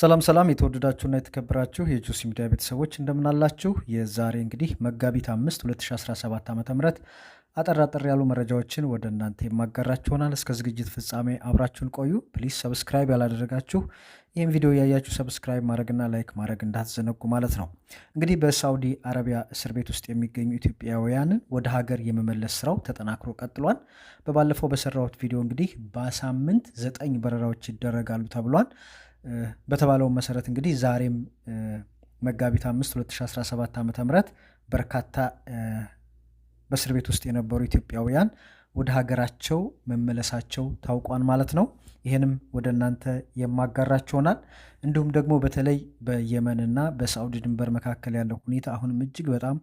ሰላም ሰላም የተወደዳችሁና የተከበራችሁ የጁሲ ሚዲያ ቤተሰቦች እንደምናላችሁ። የዛሬ እንግዲህ መጋቢት 5 2017 ዓ ም አጠራጠር ያሉ መረጃዎችን ወደ እናንተ የማጋራችሁ ይሆናል። እስከ ዝግጅት ፍጻሜ አብራችሁን ቆዩ። ፕሊስ ሰብስክራይብ ያላደረጋችሁ ይህም ቪዲዮ እያያችሁ ሰብስክራይብ ማድረግና ላይክ ማድረግ እንዳትዘነጉ ማለት ነው። እንግዲህ በሳውዲ አረቢያ እስር ቤት ውስጥ የሚገኙ ኢትዮጵያውያንን ወደ ሀገር የመመለስ ስራው ተጠናክሮ ቀጥሏል። በባለፈው በሰራሁት ቪዲዮ እንግዲህ በሳምንት ዘጠኝ በረራዎች ይደረጋሉ ተብሏል። በተባለው መሰረት እንግዲህ ዛሬም መጋቢት 5 2017 ዓ ም በርካታ በእስር ቤት ውስጥ የነበሩ ኢትዮጵያውያን ወደ ሀገራቸው መመለሳቸው ታውቋል ማለት ነው። ይህንም ወደ እናንተ የማጋራችሁ ይሆናል። እንዲሁም ደግሞ በተለይ በየመንና በሳዑዲ ድንበር መካከል ያለው ሁኔታ አሁንም እጅግ በጣም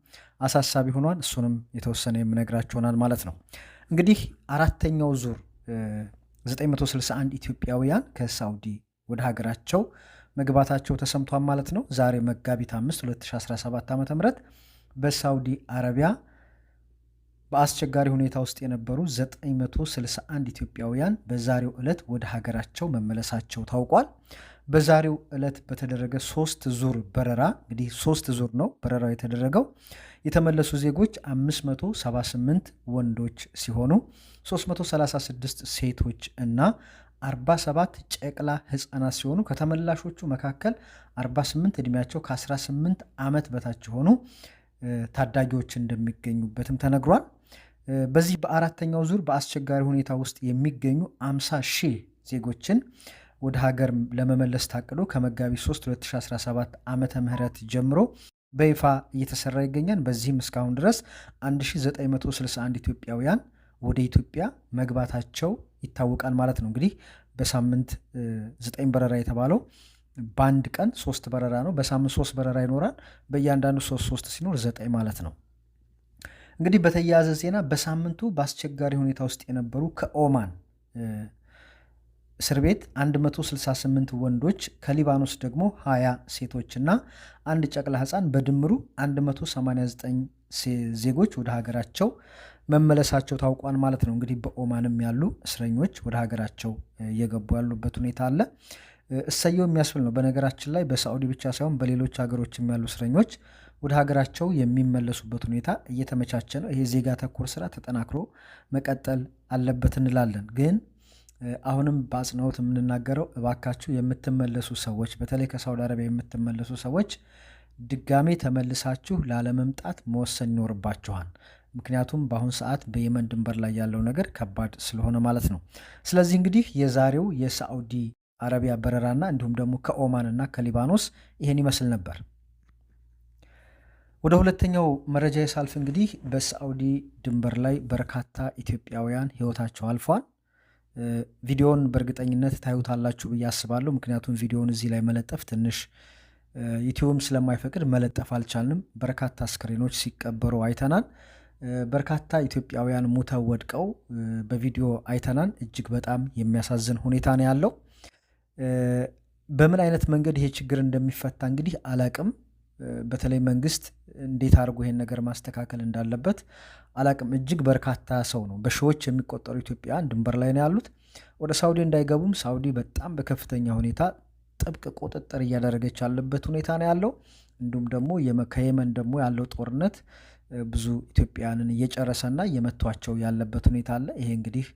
አሳሳቢ ሆኗል። እሱንም የተወሰነ የምነግራችሁ ማለት ነው። እንግዲህ አራተኛው ዙር 961 ኢትዮጵያውያን ከሳዑዲ ወደ ሀገራቸው መግባታቸው ተሰምቷል ማለት ነው። ዛሬ መጋቢት 5 2017 ዓ ም በሳውዲ አረቢያ በአስቸጋሪ ሁኔታ ውስጥ የነበሩ 961 ኢትዮጵያውያን በዛሬው ዕለት ወደ ሀገራቸው መመለሳቸው ታውቋል። በዛሬው ዕለት በተደረገ ሶስት ዙር በረራ እንግዲህ ሶስት ዙር ነው በረራው የተደረገው። የተመለሱ ዜጎች 578 ወንዶች ሲሆኑ 336 ሴቶች እና 47 ጨቅላ ህጻናት ሲሆኑ ከተመላሾቹ መካከል 48 እድሜያቸው ከ18 ዓመት በታች የሆኑ ታዳጊዎች እንደሚገኙበትም ተነግሯል። በዚህ በአራተኛው ዙር በአስቸጋሪ ሁኔታ ውስጥ የሚገኙ 50 ሺህ ዜጎችን ወደ ሀገር ለመመለስ ታቅዶ ከመጋቢት 3 2017 ዓመተ ምህረት ጀምሮ በይፋ እየተሰራ ይገኛል። በዚህም እስካሁን ድረስ 1961 ኢትዮጵያውያን ወደ ኢትዮጵያ መግባታቸው ይታወቃል ማለት ነው። እንግዲህ በሳምንት ዘጠኝ በረራ የተባለው በአንድ ቀን ሶስት በረራ ነው። በሳምንት ሶስት በረራ ይኖራል። በእያንዳንዱ ሶስት ሶስት ሲኖር ዘጠኝ ማለት ነው። እንግዲህ በተያያዘ ዜና በሳምንቱ በአስቸጋሪ ሁኔታ ውስጥ የነበሩ ከኦማን እስር ቤት 168 ወንዶች ከሊባኖስ ደግሞ 20 ሴቶችና አንድ ጨቅላ ህፃን በድምሩ 189 ዜጎች ወደ ሀገራቸው መመለሳቸው ታውቋል ማለት ነው። እንግዲህ በኦማንም ያሉ እስረኞች ወደ ሀገራቸው እየገቡ ያሉበት ሁኔታ አለ። እሰየው የሚያስብል ነው። በነገራችን ላይ በሳዑዲ ብቻ ሳይሆን በሌሎች ሀገሮችም ያሉ እስረኞች ወደ ሀገራቸው የሚመለሱበት ሁኔታ እየተመቻቸ ነው። ይሄ ዜጋ ተኮር ስራ ተጠናክሮ መቀጠል አለበት እንላለን ግን አሁንም በአጽንኦት የምንናገረው እባካችሁ የምትመለሱ ሰዎች በተለይ ከሳውዲ አረቢያ የምትመለሱ ሰዎች ድጋሜ ተመልሳችሁ ላለመምጣት መወሰን ይኖርባችኋል። ምክንያቱም በአሁኑ ሰዓት በየመን ድንበር ላይ ያለው ነገር ከባድ ስለሆነ ማለት ነው። ስለዚህ እንግዲህ የዛሬው የሳዑዲ አረቢያ በረራና እንዲሁም ደግሞ ከኦማን እና ከሊባኖስ ይሄን ይመስል ነበር። ወደ ሁለተኛው መረጃ የሳልፍ እንግዲህ በሳዑዲ ድንበር ላይ በርካታ ኢትዮጵያውያን ህይወታቸው አልፏል። ቪዲዮን በእርግጠኝነት ታዩታላችሁ ብዬ አስባለሁ። ምክንያቱም ቪዲዮን እዚህ ላይ መለጠፍ ትንሽ ዩቲዩብም ስለማይፈቅድ መለጠፍ አልቻልንም። በርካታ ስክሪኖች ሲቀበሩ አይተናል። በርካታ ኢትዮጵያውያን ሙተው ወድቀው በቪዲዮ አይተናል። እጅግ በጣም የሚያሳዝን ሁኔታ ነው ያለው። በምን አይነት መንገድ ይሄ ችግር እንደሚፈታ እንግዲህ አላቅም። በተለይ መንግስት እንዴት አድርጎ ይሄን ነገር ማስተካከል እንዳለበት አላቅም። እጅግ በርካታ ሰው ነው በሺዎች የሚቆጠሩ ኢትዮጵያውያን ድንበር ላይ ነው ያሉት። ወደ ሳውዲ እንዳይገቡም ሳውዲ በጣም በከፍተኛ ሁኔታ ጥብቅ ቁጥጥር እያደረገች ያለበት ሁኔታ ነው ያለው። እንዲሁም ደግሞ ከየመን ደግሞ ያለው ጦርነት ብዙ ኢትዮጵያውያንን እየጨረሰና እየመቷቸው ያለበት ሁኔታ አለ። ይሄ እንግዲህ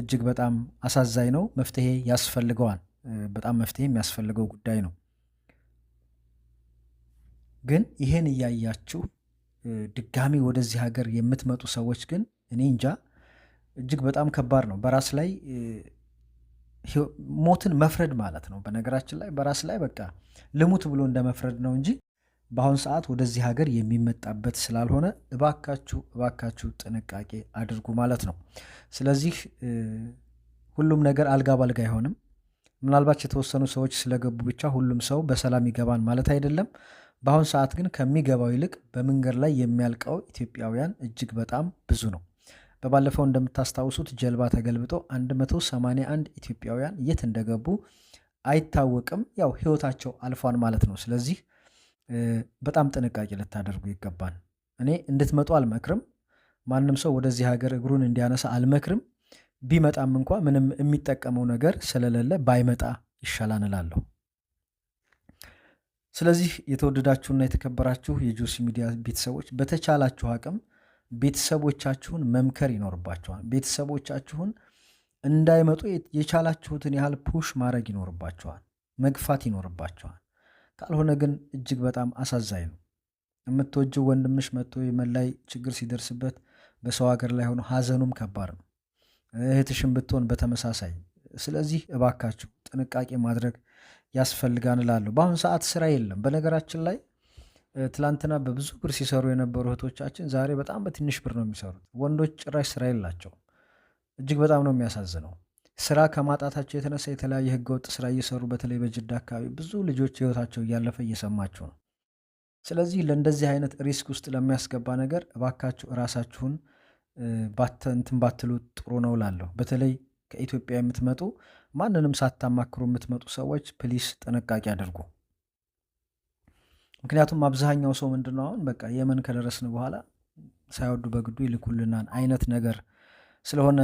እጅግ በጣም አሳዛኝ ነው። መፍትሄ ያስፈልገዋል። በጣም መፍትሄ የሚያስፈልገው ጉዳይ ነው። ግን ይሄን እያያችሁ ድጋሚ ወደዚህ ሀገር የምትመጡ ሰዎች ግን እኔ እንጃ እጅግ በጣም ከባድ ነው። በራስ ላይ ሞትን መፍረድ ማለት ነው። በነገራችን ላይ በራስ ላይ በቃ ልሙት ብሎ እንደ መፍረድ ነው እንጂ በአሁኑ ሰዓት ወደዚህ ሀገር የሚመጣበት ስላልሆነ እባካችሁ እባካችሁ ጥንቃቄ አድርጉ ማለት ነው። ስለዚህ ሁሉም ነገር አልጋ ባልጋ አይሆንም። ምናልባት የተወሰኑ ሰዎች ስለገቡ ብቻ ሁሉም ሰው በሰላም ይገባን ማለት አይደለም። በአሁን ሰዓት ግን ከሚገባው ይልቅ በመንገድ ላይ የሚያልቀው ኢትዮጵያውያን እጅግ በጣም ብዙ ነው። በባለፈው እንደምታስታውሱት ጀልባ ተገልብጦ 181 ኢትዮጵያውያን የት እንደገቡ አይታወቅም። ያው ህይወታቸው አልፏል ማለት ነው። ስለዚህ በጣም ጥንቃቄ ልታደርጉ ይገባል። እኔ እንድትመጡ አልመክርም። ማንም ሰው ወደዚህ ሀገር እግሩን እንዲያነሳ አልመክርም። ቢመጣም እንኳ ምንም የሚጠቀመው ነገር ስለሌለ ባይመጣ ይሻላል እላለሁ። ስለዚህ የተወደዳችሁና የተከበራችሁ የጆሲ ሚዲያ ቤተሰቦች በተቻላችሁ አቅም ቤተሰቦቻችሁን መምከር ይኖርባችኋል። ቤተሰቦቻችሁን እንዳይመጡ የቻላችሁትን ያህል ፑሽ ማድረግ ይኖርባችኋል፣ መግፋት ይኖርባችኋል። ካልሆነ ግን እጅግ በጣም አሳዛኝ ነው። የምትወጅው ወንድምሽ መጥቶ የመን ላይ ችግር ሲደርስበት በሰው ሀገር ላይ ሆኖ ሀዘኑም ከባድ ነው። እህትሽም ብትሆን በተመሳሳይ። ስለዚህ እባካችሁ ጥንቃቄ ማድረግ ያስፈልጋን እላለሁ። በአሁኑ ሰዓት ስራ የለም። በነገራችን ላይ ትላንትና በብዙ ብር ሲሰሩ የነበሩ እህቶቻችን ዛሬ በጣም በትንሽ ብር ነው የሚሰሩት። ወንዶች ጭራሽ ስራ የላቸው። እጅግ በጣም ነው የሚያሳዝነው። ስራ ከማጣታቸው የተነሳ የተለያየ ህገወጥ ስራ እየሰሩ በተለይ በጅዳ አካባቢ ብዙ ልጆች ህይወታቸው እያለፈ እየሰማችሁ ነው። ስለዚህ ለእንደዚህ አይነት ሪስክ ውስጥ ለሚያስገባ ነገር እባካችሁ እራሳችሁን እንትን ባትሉ ጥሩ ነው እላለሁ። በተለይ ከኢትዮጵያ የምትመጡ ማንንም ሳታማክሩ የምትመጡ ሰዎች ፕሊስ ጥንቃቄ አድርጉ። ምክንያቱም አብዛኛው ሰው ምንድነው አሁን በቃ የመን ከደረስን በኋላ ሳይወዱ በግዱ ይልኩልናን አይነት ነገር ስለሆነ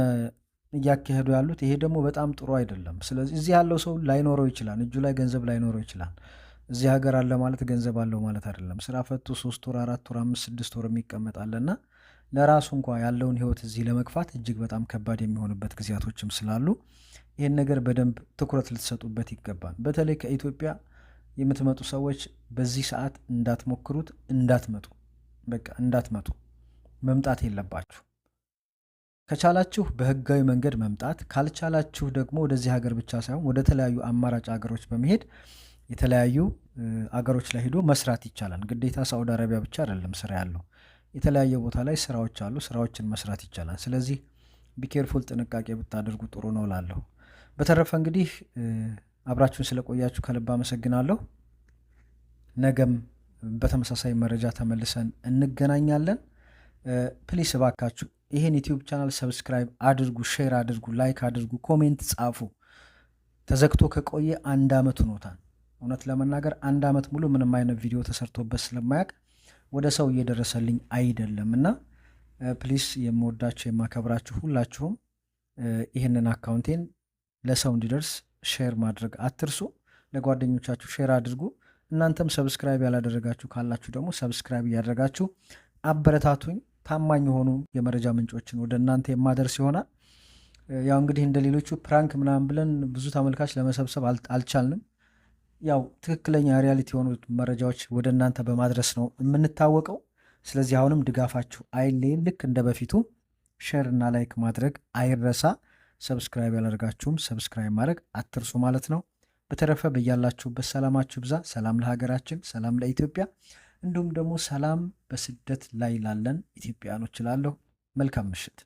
እያካሄዱ ያሉት። ይሄ ደግሞ በጣም ጥሩ አይደለም። ስለዚህ እዚህ ያለው ሰው ላይኖረው ይችላል፣ እጁ ላይ ገንዘብ ላይኖረው ይችላል። እዚህ ሀገር አለ ማለት ገንዘብ አለው ማለት አይደለም። ስራ ፈቱ ሶስት ወር አራት ወር አምስት ስድስት ወር የሚቀመጣለና ለራሱ እንኳ ያለውን ህይወት እዚህ ለመግፋት እጅግ በጣም ከባድ የሚሆንበት ጊዜያቶችም ስላሉ ይህን ነገር በደንብ ትኩረት ልትሰጡበት ይገባል። በተለይ ከኢትዮጵያ የምትመጡ ሰዎች በዚህ ሰዓት እንዳትሞክሩት፣ እንዳትመጡ፣ በቃ እንዳትመጡ። መምጣት የለባችሁ። ከቻላችሁ በህጋዊ መንገድ መምጣት፣ ካልቻላችሁ ደግሞ ወደዚህ ሀገር ብቻ ሳይሆን ወደ ተለያዩ አማራጭ ሀገሮች በመሄድ የተለያዩ አገሮች ላይ ሄዶ መስራት ይቻላል። ግዴታ ሳውዲ አረቢያ ብቻ አይደለም ስራ ያለው። የተለያየ ቦታ ላይ ስራዎች አሉ። ስራዎችን መስራት ይቻላል። ስለዚህ ቢኬርፉል ጥንቃቄ ብታደርጉ ጥሩ ነው ላለሁ በተረፈ እንግዲህ አብራችሁን ስለቆያችሁ ከልብ አመሰግናለሁ። ነገም በተመሳሳይ መረጃ ተመልሰን እንገናኛለን። ፕሊስ እባካችሁ ይህን ዩቲዩብ ቻናል ሰብስክራይብ አድርጉ፣ ሼር አድርጉ፣ ላይክ አድርጉ፣ ኮሜንት ጻፉ። ተዘግቶ ከቆየ አንድ አመት ሆኖታል። እውነት ለመናገር አንድ አመት ሙሉ ምንም አይነት ቪዲዮ ተሰርቶበት ስለማያውቅ ወደ ሰው እየደረሰልኝ አይደለም እና ፕሊስ የምወዳችሁ የማከብራችሁ ሁላችሁም ይህንን አካውንቴን ለሰው እንዲደርስ ሼር ማድረግ አትርሱ። ለጓደኞቻችሁ ሼር አድርጉ። እናንተም ሰብስክራይብ ያላደረጋችሁ ካላችሁ ደግሞ ሰብስክራይብ እያደረጋችሁ አበረታቱኝ። ታማኝ የሆኑ የመረጃ ምንጮችን ወደ እናንተ የማደርስ ይሆናል። ያው እንግዲህ እንደ ሌሎቹ ፕራንክ ምናምን ብለን ብዙ ተመልካች ለመሰብሰብ አልቻልንም። ያው ትክክለኛ ሪያሊቲ የሆኑ መረጃዎች ወደ እናንተ በማድረስ ነው የምንታወቀው። ስለዚህ አሁንም ድጋፋችሁ አይሌን። ልክ እንደ በፊቱ ሼር እና ላይክ ማድረግ አይረሳ። ሰብስክራይብ ያላደርጋችሁም ሰብስክራይብ ማድረግ አትርሱ ማለት ነው። በተረፈ በያላችሁበት ሰላማችሁ ብዛ። ሰላም ለሀገራችን፣ ሰላም ለኢትዮጵያ፣ እንዲሁም ደግሞ ሰላም በስደት ላይ ላለን ኢትዮጵያኖች እላለሁ። መልካም ምሽት።